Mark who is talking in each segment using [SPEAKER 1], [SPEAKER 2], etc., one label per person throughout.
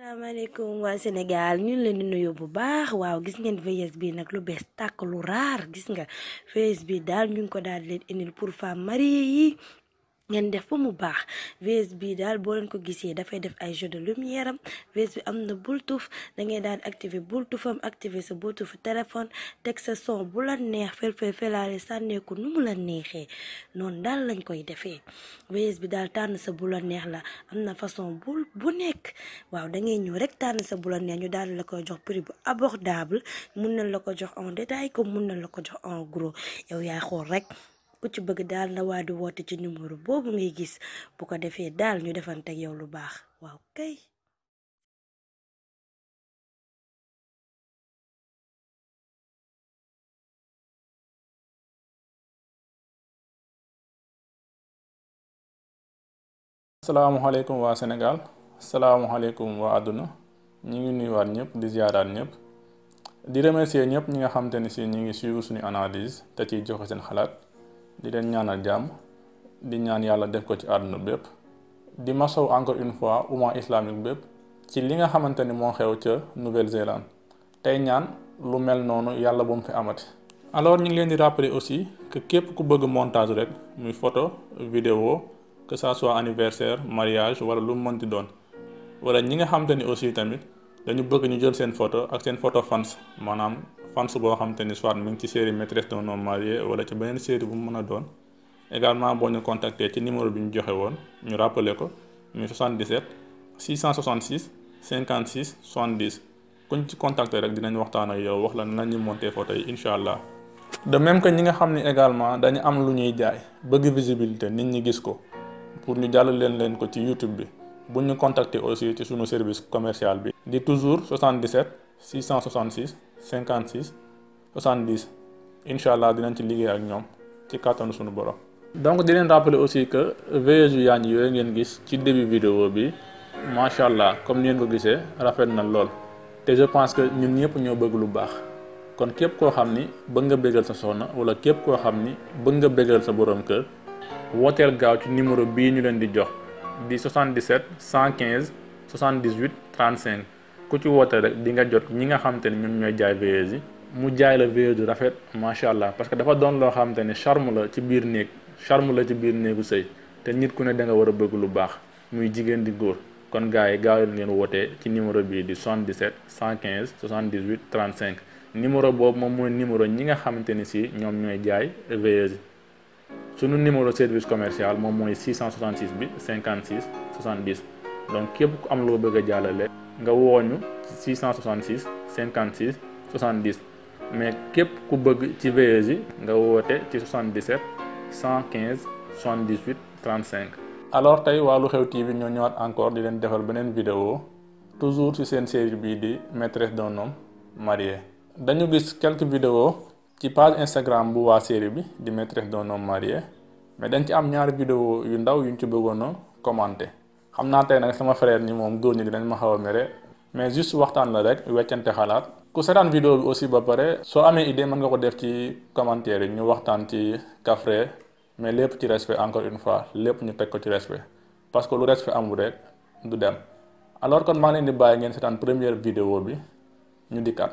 [SPEAKER 1] asalaamaaleykum waa Sénégal ñu ngi leen di nuyu bu baax waaw gis ngeen VS bi nag lu bees tàkk lu raar gis nga VS bi daal ñu ko daal leen indil pour femme mariée yi ngeen def fu mu baax vase bi daal boo lañ ko gisee dafay def ay jeu de lumière am vase bi am na bultuf da ngay daal activer bultufam activer sa bultufu téléphone teg sa son bu la neex fel felaale sànneeku nu mu la neexee noon daal lañ koy defee vase bi daal tànn sa bu neex la am na façon bul bu nekk waaw da ngay ñëw rek tànn sa bu la neex ñu daal la koy jox prix bu abordable mun na la ko jox en détail comme mun na la ko jox en gros yow yaa xool rek ku ci bëgg daal na waa di woote ci numéro ko defee daal defante ak lu baax waaw waa Sénégal salaamaaleykum waa àdduna ñu ngi nuyuwaat ñëpp di ziaraat ñëpp di remercier ñëpp ñi nga xam te ne si ñu ngi suivre suñu analyse te ci joxe seen xalaat di leen ñaanal jàmm di ñaan yàlla def ko ci àdduna bépp di masaw encore une fois umma islamique bépp ci li nga xamante ni moo xew ca Nouvelle-Zélande tey ñaan lu mel noonu yàlla bu mu fi amati. alors ñu ngi leen di rappeler aussi que képp ku bëgg montage rek muy photo vidéo que ça soit anniversaire mariage wala lu mu mënti doon wala ñi nga xamante ni aussi tamit. dañu bëgg ñu jël seen photo ak seen photo fans maanaam fans boo xam te ni soit mu ngi ci série maîtresse d'un homme marié wala ci beneen série bu mu mën a doon également boo ñu contacter ci numéro bi ñu joxe woon ñu rappeler ko mu 77 666 56 70 kuñ ci contacter rek dinañ waxtaan ak yow wax la nan ñu monter photo yi incha allah. de même que ñi nga xam ne également dañu am lu ñuy jaay bëgg visibilité nit ñi gis ko pour ñu jàll leen leen ko ci YouTube bi. bu ñu contacter aussi ci suñu service commercial bi di toujours 77 666 56 70 incha allah dinañ ci liggéey ak ñoom ci kàttanu suñu borom. donc di leen rappeler aussi que veilleuses yu yaañ yooyu ngeen gis ci début vidéo bi macha allah comme ni ngeen ko gisee rafet na lool te je pense que ñun ñëpp ñoo bëgg lu baax kon képp koo xam ni bëgg nga bégal sa soxna wala képp koo xam ni bëgg nga bégal sa borom kër wooteel gaaw ci numéro bii ñu leen di jox. di 77 115 78 35 ku ci woote rek di nga jot ñi nga xam te ne ñoom ñooy jaay veilleuse yi mu jaay la veilleuse yu rafet macha allah parce que dafa doon loo xam te ne charme la ci biir néeg charme la ci biir néegu sëy te nit ku ne danga nga war a bëgg lu baax muy jigéen di góor kon gars yi gaaw leen ngeen wootee ci numéro bii di 77 115 78 35 numéro boobu moom mooy numéro ñi nga xamante ni si ñoom ñooy jaay veilleuse yi suñu numéro service commercial moom mooy 666 bi 56 70 donc képp ku am loo bëgg a jàllale nga wooñu 666 56 70 mais képp ku bëgg ci veilleuse yi nga woote ci 77 115 78 35 alors tey waa Lu Xew TV ñoo ñëwaat encore di leen defal beneen vidéo toujours ci seen série bii di maîtresse doo homme marié dañu gis quelques vidéos ci page Instagram bu waa série bi di maîtresse d'un homme marié mais dañ ci am ñaari vidéo yu ndaw yuñ ci bëggoon a commenter xam naa tey nag sama frère ni moom góor ñi dinañ ma xaw a mere mais juste waxtaan la rek weccante xalaat ku seetaan vidéo bi aussi ba pare soo amee idée mën nga ko def ci commentaire yi ñu waxtaan ci Kaffré mais lépp ci respect encore une fois lépp ñu teg ko ci respect parce que lu respect amul rek du dem alors kon maa leen di bàyyi ngeen seetaan première vidéo bi ñu dikkaat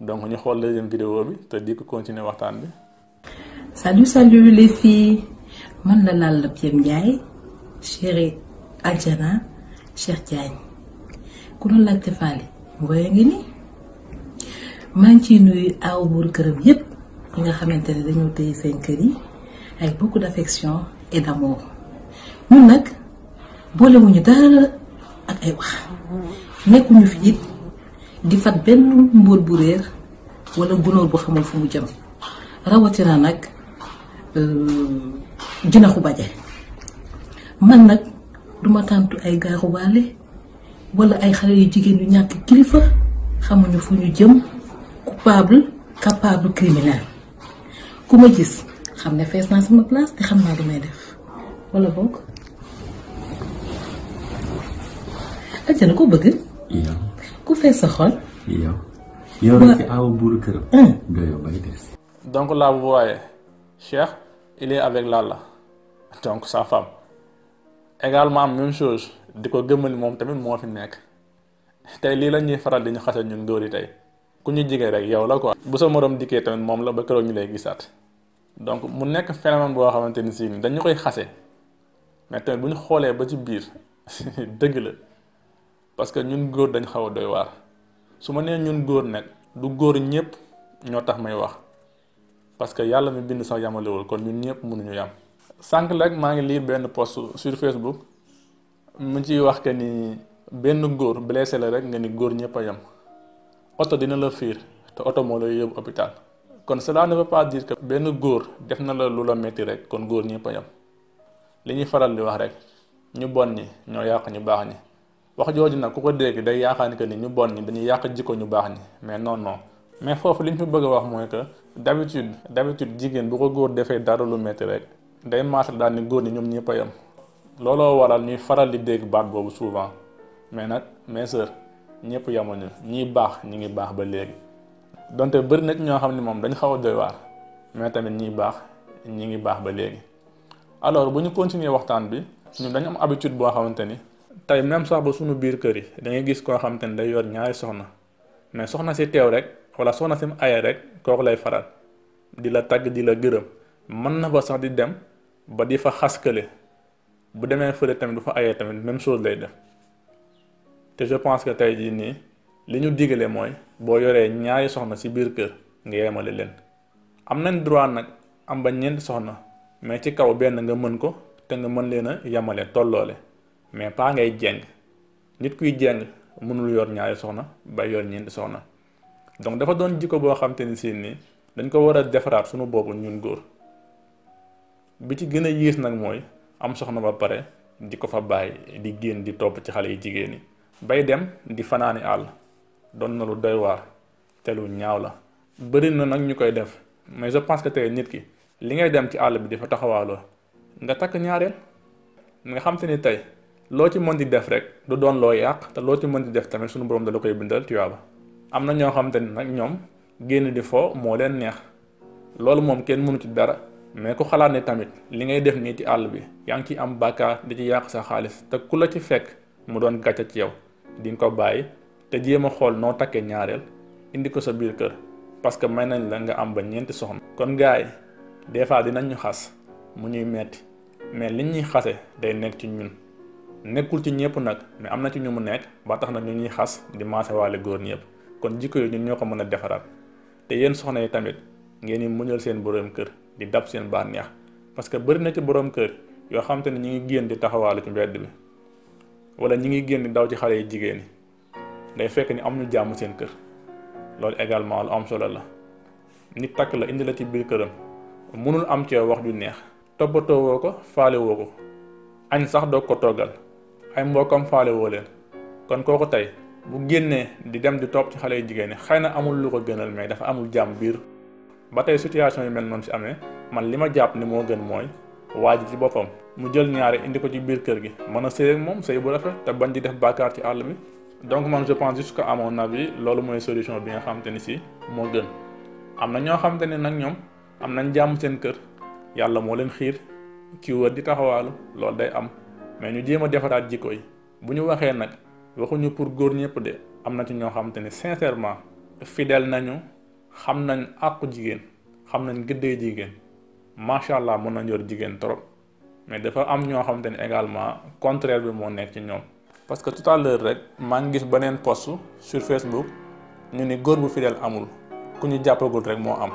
[SPEAKER 1] donc ñu xool deuxième vidéo bi te dikk ko continuer waxtaan bi. salut salut les filles man la Lalla Pierre Ndiaye chérie Adjana Cheikh Diagne ku doon laajte faale ngooya ngi nii maa ngi ciy nuyu aw buur këram yépp yi nga xamante ni dañoo téye seen kër yi ay beaucoup d'affection et d'amour ñun nag boolewuñu dara ak ay wax nekkuñu fi di fat benn mbóot bu réer walla gunóor bu xamul fu mu jëm rawatina nag euh, jinaxu baje man nag duma tàntu ay gaaruwaale walla ay xale yu jigéen yu ñàkk kilifa xamuñu fu ñu jëm coupable capable criminel ku ma gis xam ne fees naa sama place te xam naa lu may def wala boog ajana ko bëgg ku fees sa xol. yow yow rek mm. donc là vous voyez Cheikh il est avec Lalla donc sa femme également même chose di ko gëmal moom tamit moo fi nekk tey lii la ñuy faral di ñu xasal ñun góor yi tey ku ñu jigee rek yow la quoi. bu sa morom dikkee tamit moom la ba keroog ñu lay gisaat donc mu nekk phénomène boo xamante ni si dañu koy xase mais tamit bu ñu xoolee ba ci biir dëgg la. parce que ñun góor dañu xaw a doy waar su ma nee ñun góor nag du góor ñëpp ñoo tax may wax parce que yàlla mi bind sax yamalewul kon ñun ñëpp mënuñu yam sànq nag maa ngi lii benn post sur Facebook mu ciy wax que ni benn góor blessé la rek nga ni góor ñëpp a yam oto dina la fiir te oto moo la yóbbu hôpital kon cela ne veut pas dire que benn góor def na la lu la metti rek kon góor ñëpp a yam li ñuy faral di wax rek ñu bon ñi ñoo yàq ñu baax ñi. wax jooju nag ku ko dégg day yaakaar ni que ni ñu bon ñi dañu yàq jikko ñu baax ñi mais non non mais foofu li ñu fi bëgg a wax mooy que d'habitude d'habitude jigéen bu ko góor defee dara lu métti rek day maasal daal ni góor ñi ñoom ñëpp a yem looloo waral ñuy faral di dégg baat boobu souvent mais nag mais sœurs ñëpp yemuñu ñii baax ñi ngi baax ba léegi donte bëri nag ñoo xam ni moom dañ xaw a doy waar mais tamit ñii baax ñi ngi baax ba léegi alors bu ñu continuer waxtaan bi ñun dañu am boo xamante ni tey même sax ba suñu biir kër yi da ngay gis koo xam te ne day yor ñaari soxna mais soxna si teew rek wala soxna si mu aye rek kooku lay faral di la tagg di la gërëm mën na fa sax di dem ba di fa xaskale bu demee fële tamit du fa ayee tamit même chose lay def te je pense que tey jii nii li ñu digale mooy boo yoree ñaari soxna si biir kër nga yemale leen am nañ droit nag am ba ñeent soxna mais ci kaw benn nga mën ko te nga mën leen a yemale tolloole mais pas ngay jeng nit kuy jeng mënul yor ñaari soxna ba yor ñeenti soxna donc dafa doon jikko boo xam ni si nii dañ ko war a defaraat sunu boobu ñun góor bi ci gën a yées nag mooy am soxna ba pare di ko fa bàyyi di génn di topp ci xale yi jigéen ñi bay dem di fanaani àll doon na lu doy waar te lu ñaaw la bëri na nag ñu koy def mais je pense que tey nit ki li ngay dem ci àll bi dafa fa taxawaaloo nga takk ñaareel nga xam ni tey loo ci mën di def rek du doon loo yàq te loo ci mën di def tamit suñu borom da la koy bindal tuyaaba am na ñoo xamante ni nag ñoom génn di foo moo leen neex loolu moom kenn mënu ci dara mais ku xalaat ne tamit li ngay def nii ci àll bi yaa ngi ciy am bàkkaar di ci yàq sa xaalis te ku la ci fekk mu doon gàcce ci yow di nga ko bàyyi te jéem a xool noo takkee ñaareel indi ko sa biir kër parce que may nañ la nga am ba ñeenti soxna. kon gaay yi des fois dinañ ñu xas mu ñuy metti mais liñ ñuy xase day nekk ci nekkul ci ñëpp nag mais am na ci ñu mu nekk ba tax na ñu ñuy xas di maase waale góor ñëpp kon jikko yi ñun ñoo ko mën a defaraat te yéen soxna yi tamit ngeen di muñal seen borom kër di dab seen bànneex parce que bëri na ci boroom kër yoo xam te ne ñu ngi génn di taxawaalu ci mbedd bi wala ñi ngi génn di daw ci xale yi jigéen yi day fekk ni am ñu jàmm seen kër loolu également lu am solo la nit takk la indi la ci biir këram mënul am ci wax ju neex toppatoo woo ko faale woo ko añ sax ko toggal ay mbokkam faale woo leen kon kooku tey bu génnee di dem di topp ci xale yi jigéen ñi xëy na amul lu ko gënal mais dafa amul jàmm biir ba tey situation yu mel noonu si amee man li ma jàpp ni moo gën mooy waa ji ci boppam mu jël ñaari indi ko ci biir kër gi mën a sëy moom sëy bu rafet te bañ di def bàkkaar ci àll bi donc man je pense juste que à mon loolu mooy solution bi nga xamante ni si moo gën am na ñoo xamante ni nag ñoom am nañ jàmm seen kër yàlla moo leen xiir ci di taxawaalu loolu day am mais ñu jéem a defaraat jikko yi bu ñu waxee nag waxuñu pour góor ñëpp de am na ci ñoo xamante ne sincèrement fidèle nañu xam nañ àqu jigéen xam nañ gëddee jigéen macha allah mën nañ yor jigéen trop mais dafa am ñoo xamante ne également contraire bi moo nekk ci ñoom. parce que tout rek maa ngi gis beneen post sur Facebook ñu ni góor bu fidèle amul ku ñu jàppagul rek moo am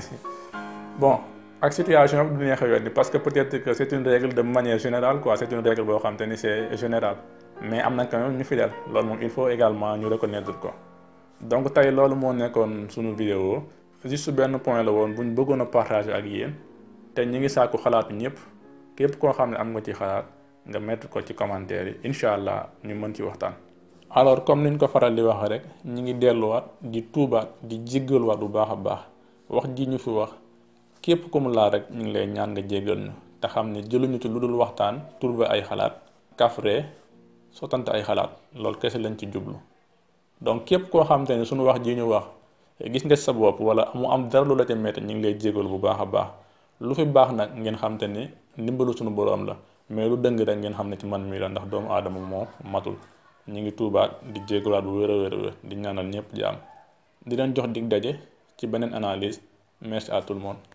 [SPEAKER 1] bon. ak situation bi du neexee yoon parce que peut-être que c'est une règle de manière générale quoi c'est une règle boo xam te ni c'est général mais am na quand même ñu fidèle loolu moom il faut également ñu reconnaître ko donc tey loolu moo nekkoon suñu vidéo juste benn point la woon bu ñu bëggoon a ak yéen te ñu ngi sàkku xalaatu ñëpp képp koo xam ne am nga ci xalaat nga mettre ko ci commentaire yi incha allah ñu mën ci waxtaan. alors comme niñ ko faral di wax rek ñu ngi delluwaat di tuubaat di jéggaluwaat bu baax a baax képp ku mu laal rek ñu ngi lay ñaan nga jéggal ñu te xam ne jëluñu ci lu dul waxtaan turbe ay xalaat kafre sotante ay xalaat loolu kese lañ ci jublu donc képp koo xam te ne suñu wax ji ñu wax gis nga sa bopp wala mu am dara lu la ca metti ñu ngi lay jégal bu baax a baax lu fi baax nag ngeen xam te ni ndimbalu suñu boroom la mais lu dëng rek ngeen xam ne ci man mii la ndax doomu aadama moo matul ñu ngi tuubaat di jégaluwaat bu wér a wér a wér di ñaanal di leen jox dig daje ci beneen analyse merci à tout le monde